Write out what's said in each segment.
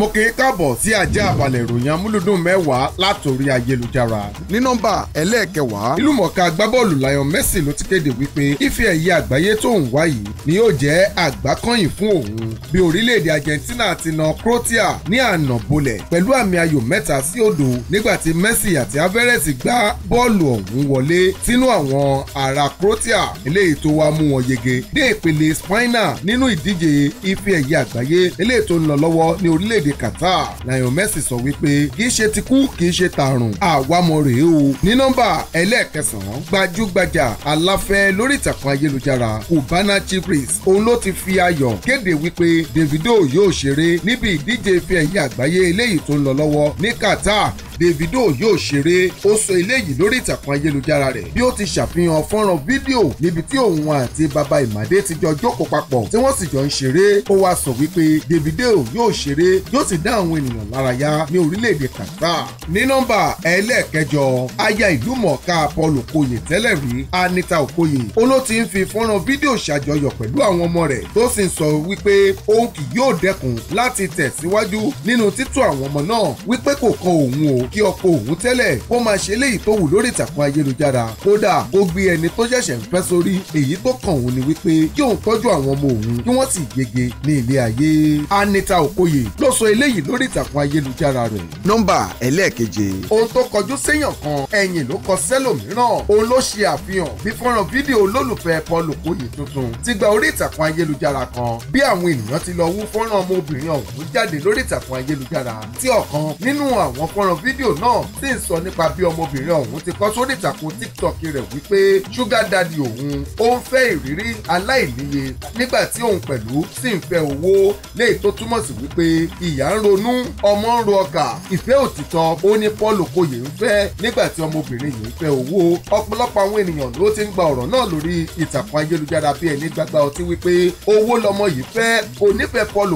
mo kì í káàbọ̀ sí ajá àbàlẹ̀ ìròyìn amúlùdùn mẹ́wàá látòrí ayélujára. ní nọ́mbà ẹlẹ́ẹ̀kẹwàá ìlúmọ̀ọ́ká agbábọ́ọ̀lù Lionel Messi ló ti kéde wípé ife ẹ̀yẹ àgbáyé tó ń wá yìí ni yóò jẹ́ àgbákọ́yìn fún òun bí orílẹ̀-èdè Argentina ti na Croatia ní àná bolẹ̀ pẹ̀lú àmì ayò mẹ́ta sí òdo nígbà tí Messi àti Alvarez gbá bọ́ọ̀lù ọ̀hún wọlé sínú àwọn ará Croatia eléyìí tó wá mú wọn yege dé ìpele spina nínú ìdíje ife ẹ̀yẹ àgbáyé eléyìí tó ń lọ lọ́wọ́ ní orílẹ̀-èdè orílẹ̀-èdè Qatar Lionel Messi sọ wípé kì í ṣe tikú kì í ṣe tààrùn àwámọ̀ rèé o ní nọ́mbà ẹlẹ́ẹ̀kẹsàn-án gbajúgbajà aláfẹ́ lórí ìtàkùn ayélujára Cubana Chipris òun ló ti fi ayọ̀ kéde wípé Davido yóò ṣeré níbi ìdíje ife ẹ̀yẹ àgbáyé eléyìí tó ń lọ lọ́wọ́ ní Qatar Davido yóò ṣeré ó sọ eléyìí lórí ìtàkùn ayélujára rẹ̀ bí ó ti ṣàfihàn fọ́nrán fídíò níbi tí òun àti bàbá ìmàdé ti jọ jókòó papọ̀ tí wọ́n sì jọ ń ṣeré ó wá sọ wípé Davido yóò ṣeré yóò sì dá àwọn ènìyàn lárayá ní orílẹ̀-èdè Qatar ní nọ́mbà ẹlẹ́ẹ̀kẹjọ aya ìlú mọ̀ọ́ká Paul Okoye tẹ́lẹ̀ rí Anita Okoye ó ló ti ń fi fọ́nrán fídíò ṣàjọyọ̀ pẹ̀lú àwọn ọmọ rẹ̀ tó sì ń sọ wípé òun kì yóò dẹ́kun láti tẹ̀síwájú nínú títú àwọn ọmọ náà wípé kò kan òun o kí ọkọ òun tẹ́lẹ̀ kó máa ṣe léyìí tó wù lórí ìtàkùn ayélujára kódà kó gbé ẹni tó ṣẹ̀ṣẹ̀ ń fẹ́ sórí èyí tó kàn òun ni wípé kí òun tọ́jú àwọn ọmọ òun kí wọ́n sì yege ní ilé ayé Anita Okoye ló sọ eléyìí lórí ìtàkùn ayélujára rẹ̀. nọ́mbà ẹlẹ́ẹ̀keje. ohun tó kọjú séèyàn kan ẹ̀yìn ló kọ sẹ́lòmíràn òun ló ṣe àfihàn fífọ́nrán fídíò olólùfẹ́ Paul Okoye tuntun ti gba orí ìtàkùn ayélujára kan bí àwọn ènìyàn ti lọ wú fọ́nrán ọmọbìnrin ọ̀hún jáde lórí ìtàkùn ayélujára tí ọ̀kan nínú àwọn fọ́nrán fídíò fídíò náà sì ń sọ nípa bí ọmọbìnrin ọ̀hún ti kọ sórí ìtàkùn tiktok rẹ̀ wípé sugar daddy òun ó ń fẹ́ ìrírí aláìníye nígbà tí òun pẹ̀lú sì ń fẹ́ owó léyìí tó túmọ̀ sí wípé ìyá ń ronú ọmọ ń ro ọkà ìfẹ́ òtítọ́ ó ní paul okoye ń fẹ́ nígbà tí ọmọbìnrin yìí ń fẹ́ owó ọ̀pọ̀lọpọ̀ àwọn ènìyàn ló ti ń gba ọ̀rọ̀ náà lórí ìtàkùn ayélujára bí ẹni gbagba ọtí wípé owó lọmọ yìí fẹ́ kò nífẹ̀ẹ́ paul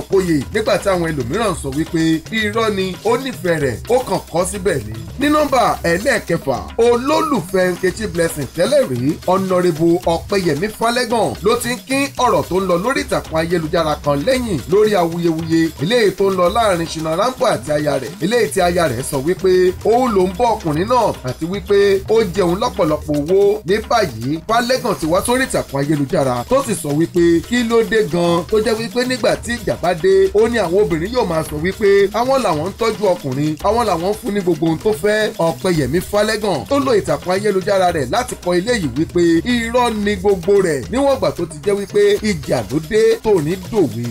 nígbà táwọn ẹlòmíràn sọ wípé irọ́ ni ó nífẹ̀ẹ́ rẹ̀ ó kàn kọ́ sí síbẹ̀ ni. ní nọ́mbà ẹlẹ́ẹ̀kẹfà olólùfẹ́ nkechi blessing tẹ́lẹ̀ rí ọ̀nàrẹ́bù ọ̀pẹyẹmí falẹ́gàn ló ti ń kín ọ̀rọ̀ tó ń lọ lórí ìtàkùn ayélujára kan lẹ́yìn lórí awuyewuye eléyìí tó ń lọ láàrin ṣìnà rámpọ̀ àti aya rẹ̀ eléyìí tí aya rẹ̀ sọ wípé òun ló ń bọ́ ọkùnrin náà àti wípé ó jẹun lọ́pọ̀lọpọ̀ owó ní báyìí falẹ́gàn ti wá sórí ìtàkùn ayélujára tó sì sọ wípé kí ló dé gan tó jẹ́ wípé nígbà tí ìjà bá dé ó ní àwọn obìnrin yóò máa sọ wípé àwọn làwọn ń tọ́jú ọkùnrin àwọn làwọn ń fún ní gbogbo ohun tó fẹ́ ọ̀pẹyẹmí falẹ́gàn tó lo ìtàkùn ayélujára rẹ̀ láti kọ ilé yìí wípé irọ́ ni gbogbo rẹ̀ níwọ̀n ìgbà tó ti jẹ́ wípé ìjà ló dé tòní dòwe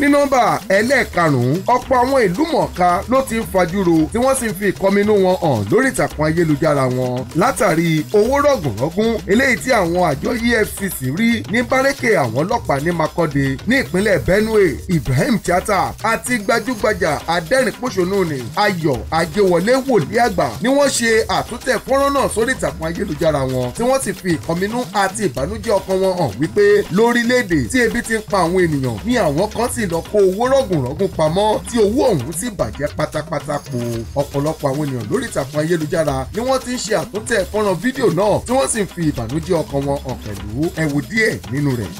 ní nọ́mbà ẹlẹ́ẹ̀karùn-ún ọ̀pọ̀ àwọn ìlú mọ̀ọ́ká ló ti ń fajúro tí wọ́n sì ń fi ìkọminú wọn hàn lórí ìtàkùn ayélujára wọn látàrí owó rọ̀gùnrọ̀gùn eléyìí tí àwọn àjọ EFCC rí ní bárẹ́kẹ̀ àwọn ọlọ́pàá ní Makọ́dé ní ìpínlẹ̀ Benue Ibrahim Chata àti gbajúgbajà adẹ́rìnpòṣónú ni Ayọ̀ Ajéwọlé wòlíì àgbà ni wọ́n ṣe àtúntẹ̀ fọ́nrán náà sórí ìtàkùn ayélujára wọn tí wọ́n sì fi ìkọminú àti ìbànújẹ́ ọkàn wọn hàn wípé lórílẹ̀-èdè tí ebi ti ń pa lọ kó owó rọ̀gùnrọ̀gùn pamọ́ tí owó ọ̀hún sì bàjẹ́ pátápátá po ọ̀pọ̀lọpọ̀ àwọn ènìyàn lórí ìtàkùn ayélujára ni wọ́n ti ń ṣe àtúntẹ̀ fọ́nrán fídíò náà tí wọ́n sì ń fi ìbànújẹ́ ọkàn wọn hàn pẹ̀lú ẹ díẹ̀ nínú rẹ̀.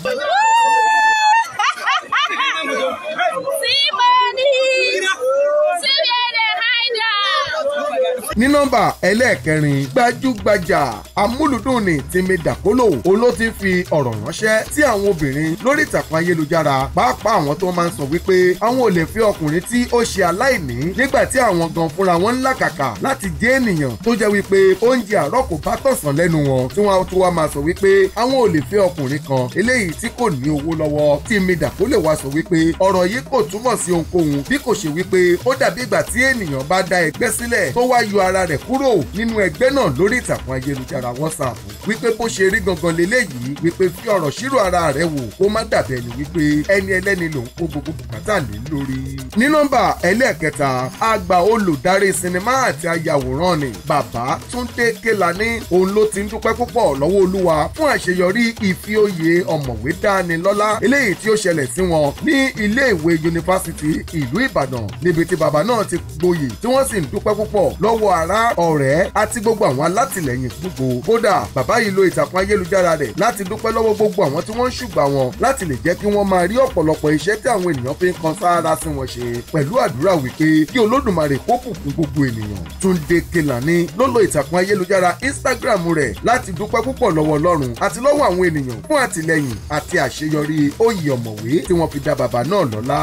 ní nọ́mbà ẹlẹ́ẹ̀kẹrin gbajúgbajà amúlùdùn ní Timi Dakolo òun ló ti fi ọ̀rọ̀ ránṣẹ́ sí àwọn obìnrin lórí ìtàkùn ayélujára pàápàá àwọn tó máa ń sọ wípé àwọn ò lè fi ọkùnrin tí ó ṣe aláìní nígbà tí àwọn gan fúnra wọn ń làkàkà láti jẹ́ ènìyàn tó jẹ́ wípé oúnjẹ àárọ̀ kò bá tọ̀sán lẹ́nu wọn tí wọ́n tó wá máa sọ wípé àwọn ò lè fi ọkùnrin kan eléyìí tí kò ní owó lọ́wọ́ Timi Dakolo wá sọ wípé ọ̀rọ̀ yìí kò túmọ̀ sí ohunkóhun bí kò ṣe wípé ó dàbí ìgbà tí ènìyàn bá da ẹgbẹ́ sílẹ̀ tó wá yọ ara rẹ̀ kúrò nínú ẹgbẹ́ náà lórí ìtàkùn ayélujára WhatsApp wípé bó ṣe rí gangan leléyìí wípé fi ọ̀rọ̀ ṣírò ara rẹ̀ wò kó má dàbẹ̀ ni wípé ẹni ẹlẹ́ni lòun kó gbogbo bùkátà lé lórí. ní nọ́mbà ẹlẹ́ẹ̀kẹta àgbà olùdarí sinimá àti ayàwòrán ni bàbá Túndé Kélání òun ló ti ń dúpẹ́ púpọ̀ lọ́wọ́ Olúwa fún àṣeyọrí ìfioyè ọ̀mọ̀wé dánilọ́lá eléyìí tí ó ṣẹlẹ̀ sí wọn ní ilé ìwé yunifásitì ìlú Ìbàdàn níbi tí bàbá náà ti gboyè tí wọ́n sì ń dúpẹ́ púpọ̀ lọ́wọ́ ará ọ̀rẹ́ àti gbogbo àwọn alátìlẹ́yìn gbogbo kódà bàb bàbá yìí lo ìtàkùn ayélujára rẹ̀ láti dúpẹ́ lọ́wọ́ gbogbo àwọn tí wọ́n ń ṣùgbà wọn láti lè jẹ́ kí wọ́n máa rí ọ̀pọ̀lọpọ̀ iṣẹ́ tí àwọn ènìyàn fi ń kan sáárá sí wọn ṣe pẹ̀lú àdúrà wípé kí olódùmarè kó bùkún gbogbo ènìyàn Túndé Kèlání ló lo ìtàkùn ayélujára Instagram rẹ̀ láti dúpẹ́ púpọ̀ lọ́wọ́ Ọlọ́run àti lọ́wọ́ àwọn ènìyàn fún àtìlẹ́yìn àti àṣeyọrí oyè ọ̀mọ̀wé tí wọ́n fi dá bàbá náà lọ́lá.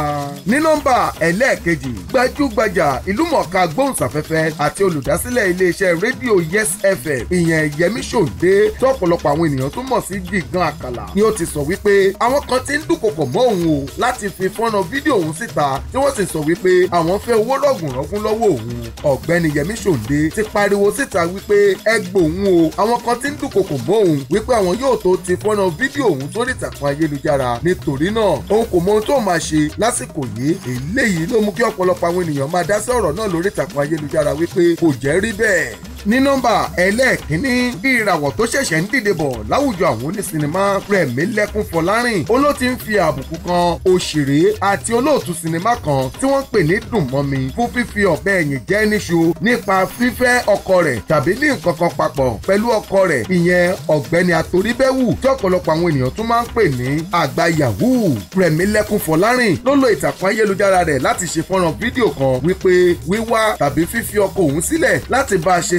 ní nọ́mbà ẹlẹ́ẹ̀kejì gbajúgbajà ìlúmọ̀ọ́ká gbóhùnsáfẹ́fẹ́ àti olùdásílẹ̀ iléeṣẹ́ rédíò Yes FM ìyẹn Yẹmí Ṣòǹdé Adéwálé tí ọ̀pọ̀lọpọ̀ àwọn ènìyàn tó mọ̀ sí Gígan Àkàlà ni ó ti sọ wípé àwọn kan ti ń dúnkokò mọ́ òun o láti fi fọ́nà fídíò òun síta tí wọ́n sì sọ wípé àwọn fẹ́ owó lọ́gùn rọ́gún lọ́wọ́ òun ọ̀gbẹ́ni Yẹmí Ṣòǹdé ti pariwo síta wípé ẹ gbòun o àwọn kan ti ń dúnkokò mọ́ òun wípé àwọn yóò tó ti fọ́nà fídíò òun sórí ìtàkùn ayélujára nítorí náà òun kò mọ ohun tó máa ṣe lásìkò yìí eléyìí ló mú kí ọ̀pọ̀lọpọ̀ àwọn ènìyàn máa dá ọ̀rọ̀ náà lórí ìtàkùn ayélujára wípé kò jẹ́ rí bẹ́ẹ̀ ní nọ́mbà ẹlẹ́ẹ̀kínní bí ìràwọ̀ tó ṣẹ̀ṣẹ̀ ń dìde bọ̀ láwùjọ àwọn onísinimá Rẹ̀mílẹ́kún Fọlárìn oló ti ń fi àbùkù kan òṣèré àti olóòtú sinimá kan tí wọ́n pè ní Dùnmọ́mi fún fífi ọ̀bẹ ẹ̀yìn jẹ́ níṣu nípa fífẹ́ ọkọ rẹ̀ tàbí ní nǹkan kan papọ̀ pẹ̀lú ọkọ rẹ̀ ìyẹn ọ̀gbẹ́ni Àtòríbẹ́wù tí ọ̀pọ̀lọpọ̀ àwọn ènìyàn tún máa ń pè ní àgbà yahoo Rẹ̀mílẹ́kún Fọlárìn ló lo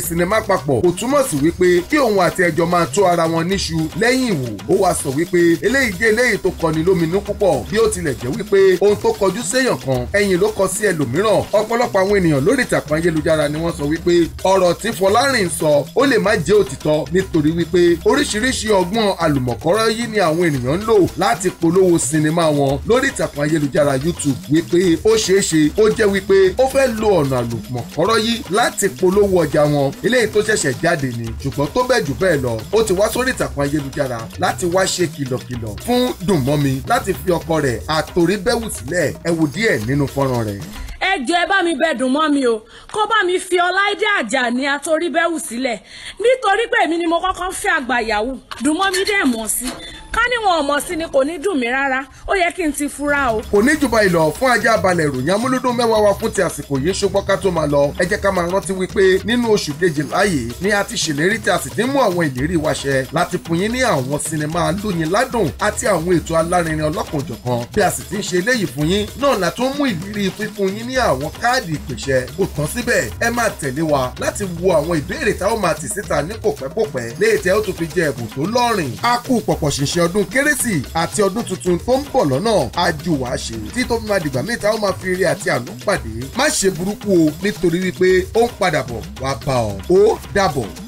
sinimá papọ̀ kò túmọ̀ sí wípé kí òun àti ẹjọ́ máa tó ara wọn níṣu lẹ́yìn ìwò ó wàá sọ wípé eléyìí jẹ́ eléyìí tó kọni lóminú púpọ̀ bí ó tilẹ̀ jẹ́ wípé ohun tó kọjú séèyàn kan ẹ̀yìn ló kọ sí ẹlòmíràn ọ̀pọ̀lọpọ̀ àwọn ènìyàn lórí ìtàkùn ayélujára ni wọ́n sọ wípé ọ̀rọ̀ tí Fọlárìn sọ ó lè má jẹ́ òtítọ́ nítorí wípé oríṣiríṣi ọgbọ́n àlùmọ̀kọ́rọ́ yìí ni àwọn ènìyàn ń lò láti polówó sinimá wọn lórí ìtàkùn ayélujára YouTube wípé ó ṣeéṣe ó jẹ́ wípé ó fẹ́ lo ọ̀nà àlùmọ̀kọ́rọ́ yìí láti polówó ọjà wọn eléyìí tó ṣẹ̀ṣẹ̀ jáde ni ṣùgbọ́n tó bẹ́ẹ̀ jù bẹ́ẹ̀ lọ ó ti wá sórí ìtàkùn ayélujára láti wá ṣe kìlọ̀kìlọ̀ fún dùnmọ́mi láti fi ọkọ rẹ̀ àtòríbẹ́wù sílẹ̀ ẹ wo díẹ̀ nínú fọ́nrán rẹ̀ ẹ jọ̀ọ́ ẹ bá mi bẹ dùn mọ́ mi o kó bá mi fi Ọláìdé Àjàní Àtòríbẹ́wù sílẹ̀ nítorí pé èmi ni mo kọ́kọ́ fẹ́ àgbà yahoo dùn mọ́ mi dẹ̀ mọ̀ sí ká níwọ̀n ọmọ sí ni kò ní dùn mí rárá ó yẹ kí n ti fura o. kò ní jùbọ ìlọ fún ajá balẹ̀ ìròyìn amúlúdùn mẹ́wàá wa fún ti àsìkò yìí ṣùgbọ́n ká tó máa lọ ẹ jẹ́ ká máa rántí wípé nínú oṣù kejìlá yìí ni a ti ṣèlérí tí a sì ti mú àwọn ìlérí wa ṣẹ láti fún yín ní àwọn sinimá lóyin àti àwọn ètò alárinrin ọlọ́kanòjọ̀kan bí a sì ti ń ṣe eléyìí fún yín náà la tó mú ìlérí fífún yín ní àwọn káàdì ìpèsè kò tán síbẹ̀ ẹ máa tẹ̀lé wa láti wo àwọn ìbéèrè táwọn máa tì síta ní kòpẹ́kòpẹ́ léètẹ́ ó tún fi jẹ ẹ̀bùn tó lọ́rìn á kú pọ̀pọ̀ ṣìnṣ àṣẹ ọdún kérésì àti ọdún tuntun tó ń bọ̀ lọ́nà ajú wa ṣe tí tó fi máa dìgbà míì táwọn máa fi rí àti àánú pàdé má ṣe burúkú o nítorí wípé ó ń padà bọ̀ wá bá ọ ó dàbọ̀.